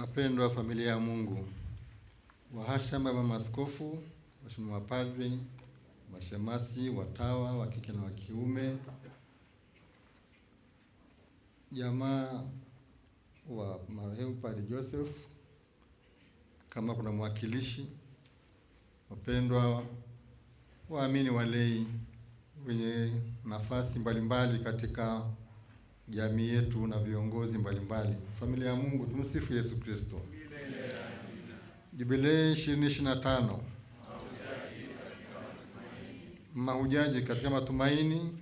Wapendwa familia ya Mungu, wahashama mama askofu, waheshimiwa padri, mashemasi, watawa wa kike na wa kiume, jamaa wa marehemu Padre Joseph, kama kuna mwakilishi, wapendwa waamini walei wenye nafasi mbalimbali mbali katika jamii yetu na viongozi mbalimbali. Familia ya Mungu, tumsifu Yesu Kristo. Jubilei tano mahujaji katika matumaini.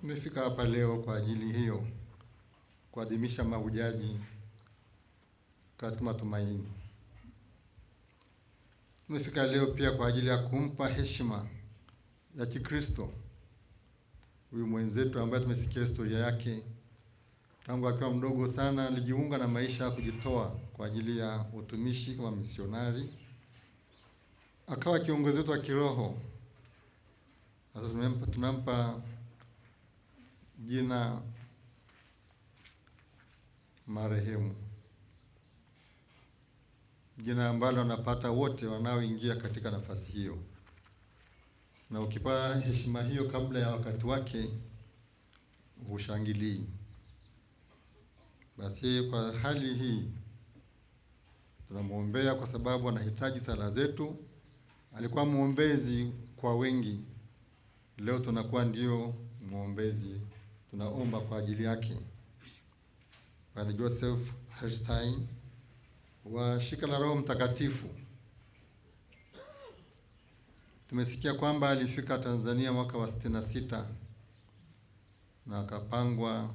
Tumefika hapa leo kwa ajili hiyo, kuadhimisha mahujaji katika matumaini. Tumefika leo pia kwa ajili ya kumpa heshima ya Kikristo huyu mwenzetu ambaye tumesikia historia yake tangu akiwa mdogo sana alijiunga na maisha ya kujitoa kwa ajili ya utumishi kama misionari, akawa kiongozi wetu wa kiroho. Sasa tumempa, tumempa jina marehemu, jina ambalo wanapata wote wanaoingia katika nafasi hiyo na ukipa heshima hiyo kabla ya wakati wake hushangilii. Basi kwa hali hii tunamwombea kwa sababu anahitaji sala zetu. Alikuwa mwombezi kwa wengi, leo tunakuwa ndio mwombezi, tunaomba kwa ajili yake. Padre Joseph Herstein wa shirika la Roho Mtakatifu Tumesikia kwamba alifika Tanzania mwaka wa sita na akapangwa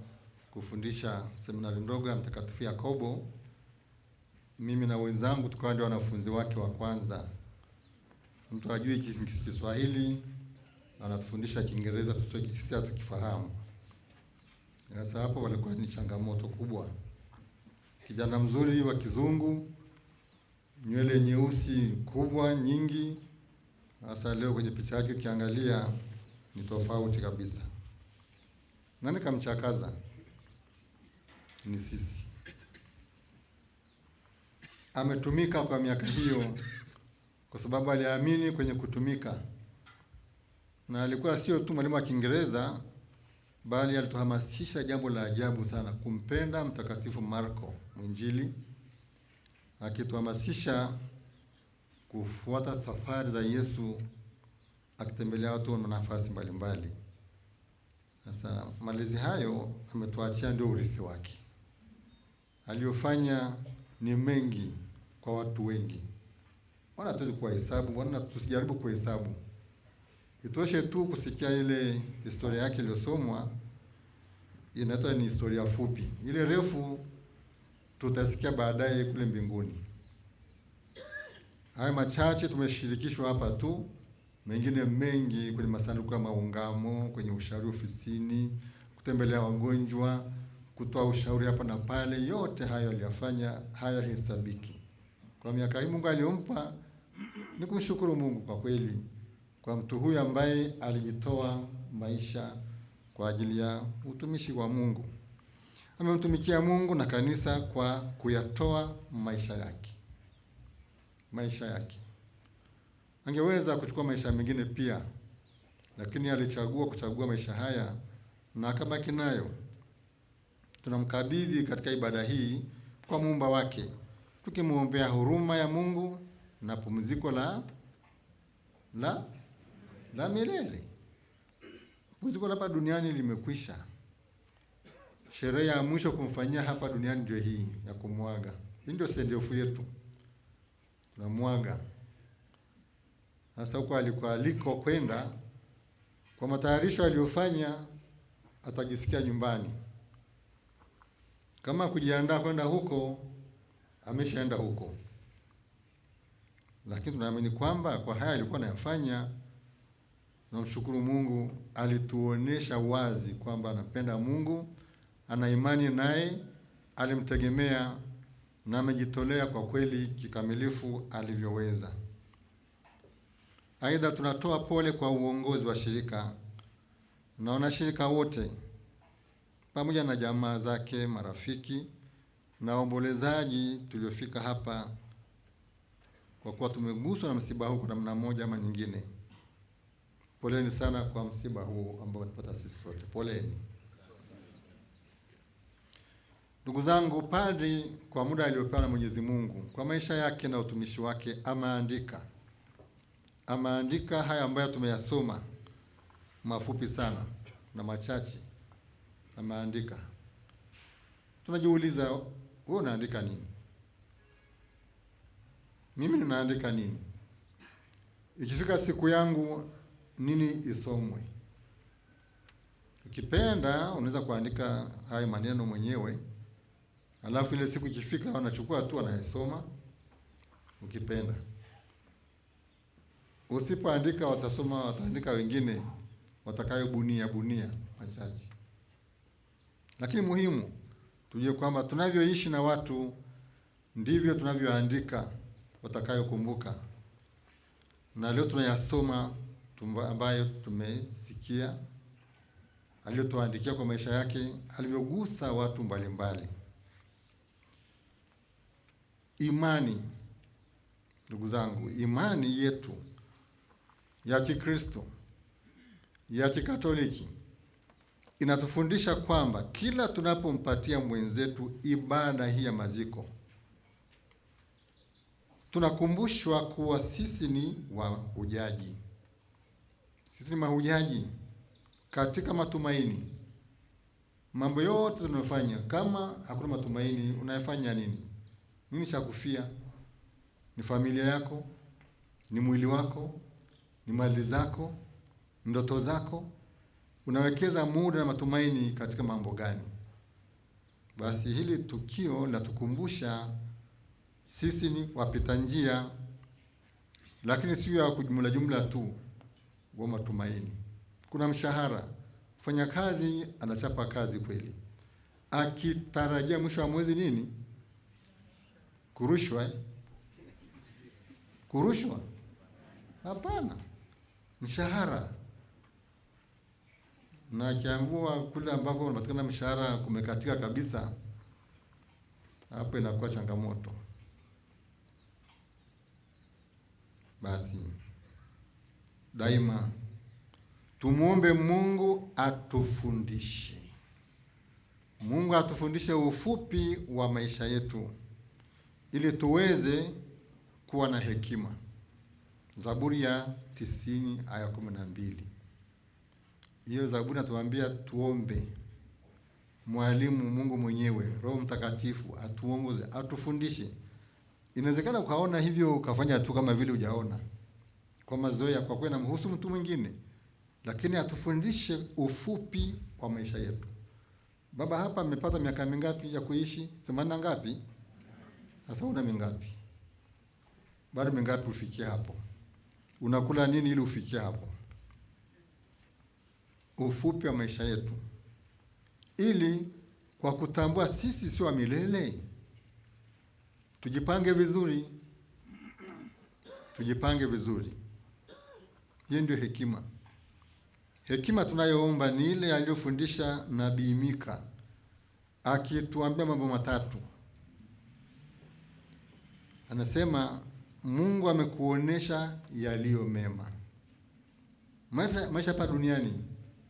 kufundisha seminari ndogo ya Mtakatifu Yakobo. Mimi na wenzangu tukawa ndio wanafunzi wake wa kwanza. Mtu ajui Kiswahili anatufundisha Kiingereza tusisi tukifahamu. Sasa hapo walikuwa ni changamoto kubwa. Kijana mzuri wa kizungu, nywele nyeusi kubwa nyingi Hasa leo kwenye picha yake ukiangalia ni tofauti kabisa. Nani kamchakaza? Ni sisi. Ametumika kwa miaka hiyo kwa sababu aliamini kwenye kutumika, na alikuwa sio tu mwalimu wa Kiingereza bali alituhamasisha jambo la ajabu sana, kumpenda Mtakatifu Marko Mwinjili, akituhamasisha kufuata safari za Yesu akitembelea watu na nafasi mbalimbali. Sasa malezi hayo ametuachia ndio urithi wake. Aliyofanya ni mengi kwa watu wengi, wana hatuwezi kuwahesabu, wana tusijaribu kuhesabu. Itoshe tu kusikia ile historia yake iliyosomwa, inaitwa ni historia fupi. Ile refu tutasikia baadaye kule mbinguni. Haya machache tumeshirikishwa hapa tu, mengine mengi kwenye masanduku ya maungamo, kwenye ushauri ofisini, kutembelea wagonjwa, kutoa ushauri hapa na pale. Yote hayo aliyafanya, haya hesabiki kwa miaka hii Mungu aliyompa. Ni kumshukuru Mungu kwa kweli kwa mtu huyu ambaye alijitoa maisha kwa ajili ya utumishi wa Mungu. Amemtumikia Mungu na kanisa kwa kuyatoa maisha yake maisha yake. Angeweza kuchukua maisha mengine pia, lakini alichagua kuchagua maisha haya na akabaki nayo. Tunamkabidhi katika ibada hii kwa muumba wake, tukimwombea huruma ya Mungu na pumziko la la la milele. Pumziko la hapa duniani limekwisha. Sherehe ya mwisho kumfanyia hapa duniani ndio hii ya kumwaga. Hii ndio sendiofu yetu na Mwaga. Hasa huko alikuwa aliko kwenda kwa matayarisho aliyofanya, atajisikia nyumbani. Kama kujiandaa kwenda huko, ameshaenda huko, lakini tunaamini kwamba kwa haya alikuwa anayafanya, namshukuru Mungu, alituonesha wazi kwamba anapenda Mungu, ana imani naye, alimtegemea na amejitolea kwa kweli kikamilifu alivyoweza. Aidha, tunatoa pole kwa uongozi wa shirika na wanashirika wote pamoja na jamaa zake, marafiki na waombolezaji tuliofika hapa kwa kuwa tumeguswa na msiba huu kwa namna moja ama nyingine. Poleni sana kwa msiba huu ambao umepata sisi sote, poleni. Ndugu zangu, padri kwa muda aliopewa na Mwenyezi Mungu kwa maisha yake na utumishi wake ameandika ameandika haya ambayo tumeyasoma mafupi sana na machache. Ameandika, tunajiuliza wewe unaandika nini? Mimi ninaandika nini? Ikifika siku yangu nini isomwe? Ukipenda unaweza kuandika hayo maneno mwenyewe alafu ile siku ikifika wanachukua tu anayesoma ukipenda usipoandika, watasoma wataandika wengine watakayobunia bunia machache, lakini muhimu tujue kwamba tunavyoishi na watu ndivyo tunavyoandika watakayokumbuka. Na leo tunayasoma ambayo tumesikia aliyotuandikia kwa maisha yake, alivyogusa watu mbalimbali mbali imani. Ndugu zangu, imani yetu ya Kikristo ya Kikatoliki inatufundisha kwamba kila tunapompatia mwenzetu ibada hii ya maziko, tunakumbushwa kuwa sisi ni wahujaji, sisi ni mahujaji katika matumaini. Mambo yote tunayofanya, kama hakuna matumaini, unayefanya nini? Nini cha kufia? Ni familia yako, ni mwili wako, ni mali zako, ndoto zako. Unawekeza muda na matumaini katika mambo gani? Basi hili tukio linatukumbusha sisi ni wapita njia, lakini sio ya kujumla jumla tu wa matumaini. Kuna mshahara, mfanyakazi anachapa kazi kweli, akitarajia mwisho wa mwezi nini Kurushwa? Eh? Kurushwa? Hapana, mshahara na kiangua kule ambako unapatikana mshahara kumekatika kabisa, hapo inakuwa changamoto. Basi daima tumuombe Mungu atufundishe, Mungu atufundishe ufupi wa maisha yetu ili tuweze kuwa na hekima. Zaburi ya tisini aya kumi na mbili. Hiyo Zaburi natuambia tuombe mwalimu Mungu mwenyewe Roho Mtakatifu atuongoze, atufundishe. Inawezekana ukaona hivyo ukafanya tu kama vile hujaona kwa mazoea, kwa kweli namhusu mtu mwingine, lakini atufundishe ufupi wa maisha yetu. Baba hapa amepata miaka mingapi ya kuishi? themanini na ngapi? Sasa una mingapi? Bado mingapi ufikie hapo? Unakula nini ili ufikie hapo? Ufupi wa maisha yetu, ili kwa kutambua sisi sio wa milele, tujipange vizuri, tujipange vizuri. hii ndio hekima. Hekima tunayoomba ni ile aliyofundisha Nabii Mika akituambia mambo matatu anasema Mungu amekuonesha yaliyo mema. Maisha, maisha hapa duniani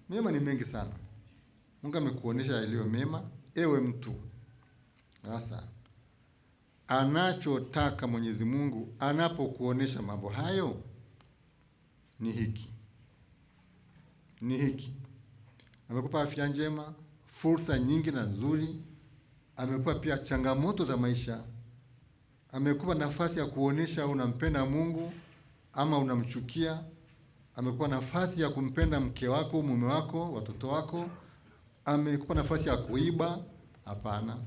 mema ni mengi sana. Mungu amekuonesha yaliyo mema, ewe mtu. Sasa anachotaka Mwenyezi Mungu anapokuonesha mambo hayo ni hiki, ni hiki. Amekupa afya njema, fursa nyingi na nzuri, amekupa pia changamoto za maisha amekupa nafasi ya kuonesha unampenda Mungu ama unamchukia. Amekupa nafasi ya kumpenda mke wako, mume wako, watoto wako. Amekupa nafasi ya kuiba? Hapana,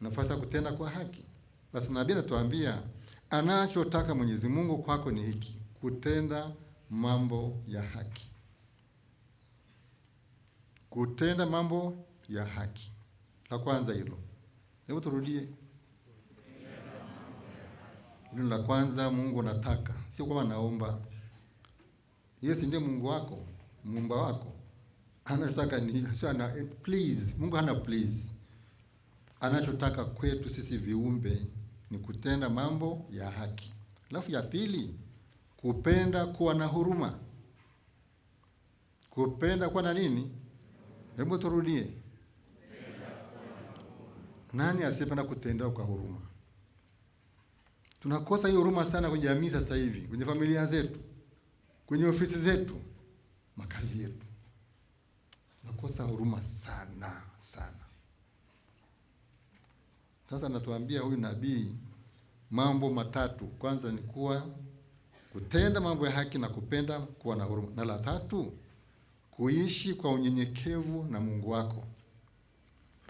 nafasi ya kutenda kwa haki. Basi nabii anatuambia anachotaka Mwenyezi Mungu kwako ni hiki, kutenda mambo ya haki, kutenda mambo ya haki. La kwanza hilo, hebu turudie. Hilo la kwanza, Mungu nataka, sio kwamba naomba. Yesu ndiye Mungu wako, muumba wako, anachotaka ni ana, eh, please Mungu hana please. Anachotaka kwetu sisi viumbe ni kutenda mambo ya haki. Alafu ya pili, kupenda kuwa na huruma, kupenda kuwa na nini? Hebu turudie, nani asiyependa kutendewa kwa huruma? Tunakosa hiyo huruma sana kwenye jamii sasa hivi, kwenye familia zetu, kwenye ofisi zetu, makazi yetu, tunakosa huruma sana sana. Sasa natuambia huyu nabii mambo matatu, kwanza ni kuwa kutenda mambo ya haki na kupenda kuwa na huruma, na la tatu kuishi kwa unyenyekevu na Mungu wako,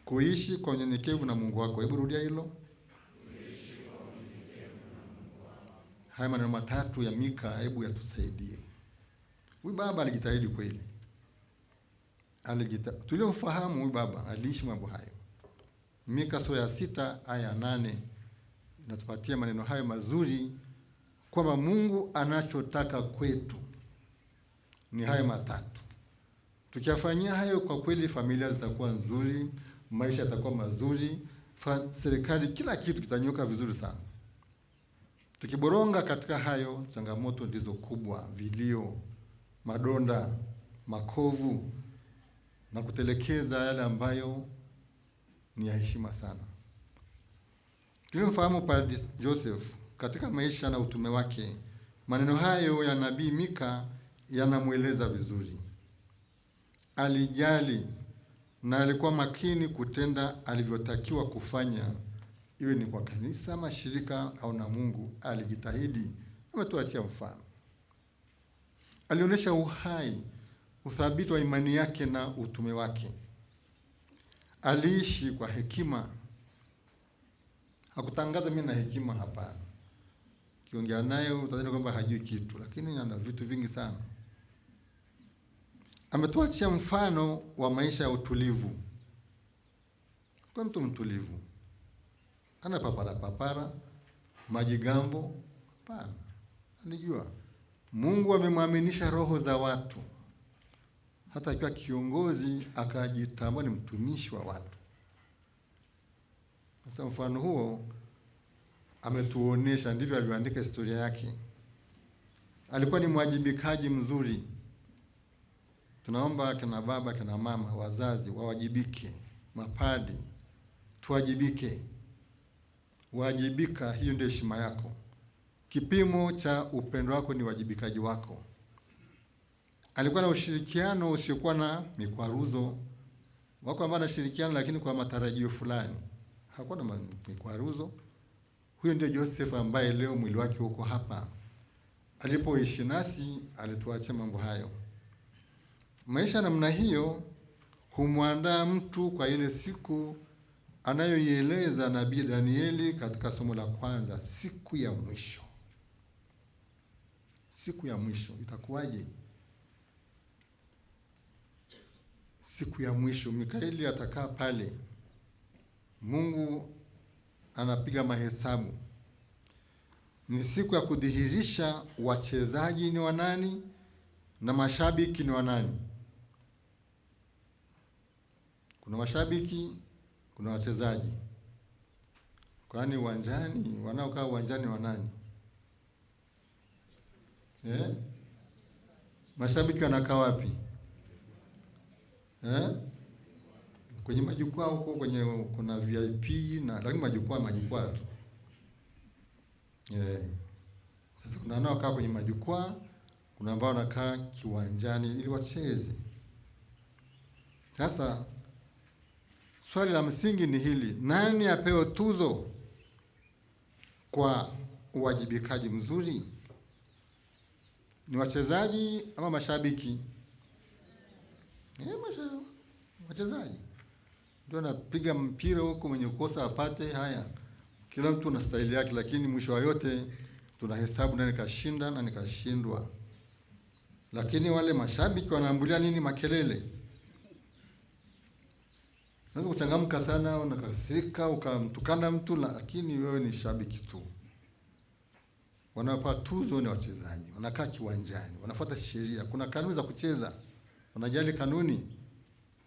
kuishi kwa unyenyekevu na Mungu wako. Hebu rudia hilo. haya maneno matatu ya Mika, hebu yatusaidie. Huyu baba alijitahidi kweli, alijita tuliofahamu huyu baba aliishi mambo hayo. Mika sura ya sita aya ya nane inatupatia maneno hayo mazuri kwamba Mungu anachotaka kwetu ni haya matatu. Tukiyafanyia hayo kwa kweli, familia zitakuwa nzuri, maisha yatakuwa mazuri, serikali, kila kitu kitanyoka vizuri sana. Tukiboronga katika hayo, changamoto ndizo kubwa: vilio, madonda, makovu na kutelekeza yale ambayo ni ya heshima sana. Tulimfahamu Padre Joseph katika maisha na utume wake, maneno hayo ya nabii Mika yanamweleza vizuri. Alijali na alikuwa makini kutenda alivyotakiwa kufanya iwe ni kwa kanisa, mashirika au na Mungu, alijitahidi, ametuachia mfano. Alionyesha uhai, uthabiti wa imani yake na utume wake. Aliishi kwa hekima, hakutangaza mimi na hekima, hapana. Ukiongea naye utadhani kwamba hajui kitu, lakini ana vitu vingi sana. Ametuachia mfano wa maisha ya utulivu, kwa mtu mtulivu ana papara papara majigambo. Hapana, anijua Mungu amemwaminisha roho za watu, hata akiwa kiongozi akajitambua ni mtumishi wa watu. Sasa mfano huo ametuonesha, ndivyo alivyoandika historia yake. Alikuwa ni mwajibikaji mzuri. Tunaomba kina baba, kina mama, wazazi wawajibike, mapadi tuwajibike wajibika, hiyo ndio heshima yako. Kipimo cha upendo wako ni wajibikaji wako. Alikuwa na ushirikiano usiokuwa na mikwaruzo. Wako ambao anashirikiana lakini kwa matarajio fulani, hakuwa na mikwaruzo. Huyo ndio Joseph ambaye leo mwili wake uko hapa. Alipoishi nasi alituacha mambo hayo. Maisha namna hiyo humwandaa mtu kwa ile siku anayoieleza nabii Danieli katika somo la kwanza, siku ya mwisho. Siku ya mwisho itakuwaje? Siku ya mwisho, Mikaeli atakaa pale, Mungu anapiga mahesabu. Ni siku ya kudhihirisha wachezaji ni wanani na mashabiki ni wanani. Kuna mashabiki kuna wachezaji, kwani uwanjani wanaokaa uwanjani nani Eh? Mashabiki wanakaa wapi? Eh? Kwenye majukwaa huko kwenye kuna VIP na lakini majukwaa majukwaa tu. Eh. Sasa kuna wanaokaa kwenye majukwaa, kuna ambao wanakaa kiwanjani ili wacheze. Sasa swali la msingi ni hili: nani apewe tuzo kwa uwajibikaji mzuri? Ni wachezaji ama mashabiki? Eh, wachezaji ndio anapiga mpira huko, mwenye kukosa apate. Haya, kila mtu na staili yake, lakini mwisho wa yote tunahesabu nani kashinda na nikashindwa. Lakini wale mashabiki wanaambulia nini makelele Unaweza kuchangamka sana, unakasirika, ukamtukana mtu, lakini wewe ni shabiki tu. Wanapata tuzo ni wachezaji, wanakaa kiwanjani, wanafuata sheria, kuna kanuni za kucheza, wanajali kanuni,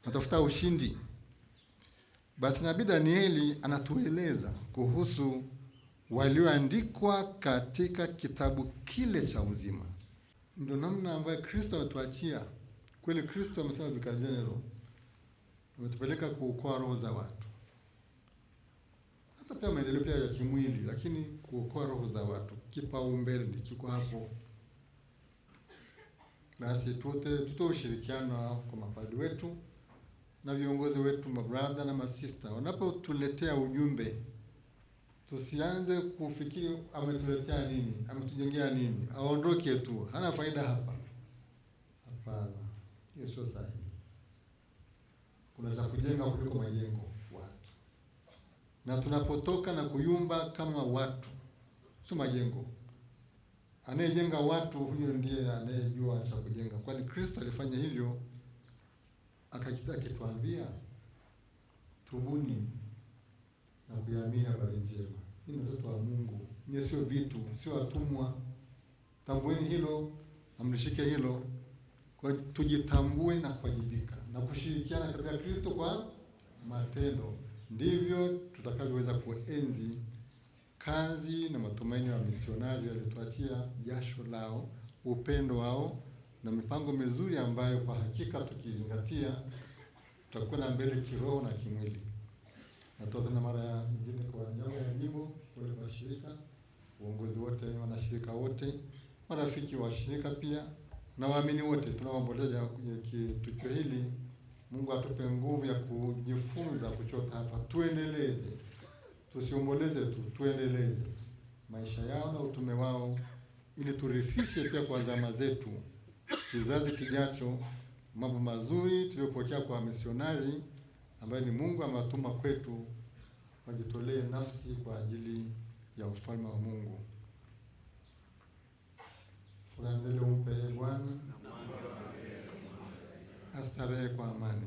natafuta ushindi. Basi Nabii Danieli anatueleza kuhusu walioandikwa katika kitabu kile cha uzima. Ndio namna ambayo Kristo ametuachia. Kweli Kristo amesema vikanjanero umetupeleka kuokoa roho za watu, hata pia maendeleo pia ya kimwili, lakini kuokoa roho za watu kipaumbele kiko hapo. Basi tuote tutoe ushirikiano kwa mapadri wetu na viongozi wetu, mabradha na masista, wanapotuletea ujumbe tusianze kufikiri ametuletea nini, ametujengea nini, aondoke tu, hana faida hapa. Hapana, hiyo sio sahihi unaweza kujenga kuliko majengo watu, na tunapotoka na kuyumba kama watu, sio majengo. Anayejenga watu huyo ndiye anayejua cha kujenga, kwani Kristo alifanya hivyo akakita akituambia tubuni na kuamini habari njema. Hii ni watoto wa Mungu, nyie sio vitu, sio watumwa. Tambueni hilo, amlishike hilo kwa tujitambue na kuwajibika na kushirikiana katika Kristo kwa matendo, ndivyo tutakavyoweza kuenzi kazi na matumaini ya misionari waliotuachia jasho lao, upendo wao na mipango mizuri ambayo kwa hakika tukizingatia tutakwenda mbele kiroho na kimwili. Natoa tena mara nyingine kwa niaba ya jimbo, kwa shirika, uongozi wote, wanashirika wote, marafiki wa shirika pia na waamini wote tunaoomboleza tukio hili, Mungu atupe nguvu ya kujifunza kuchota hapa, tuendeleze, tusiomboleze tu, tuendeleze maisha yao na utume wao, ili turithishe pia kwa zama zetu, kizazi kijacho, mambo mazuri tuliyopokea kwa misionari ambaye ni Mungu amewatuma kwetu, wajitolee nafsi kwa ajili ya ufalme wa Mungu. Furaha mbele umpe Bwana, astarehe kwa amani.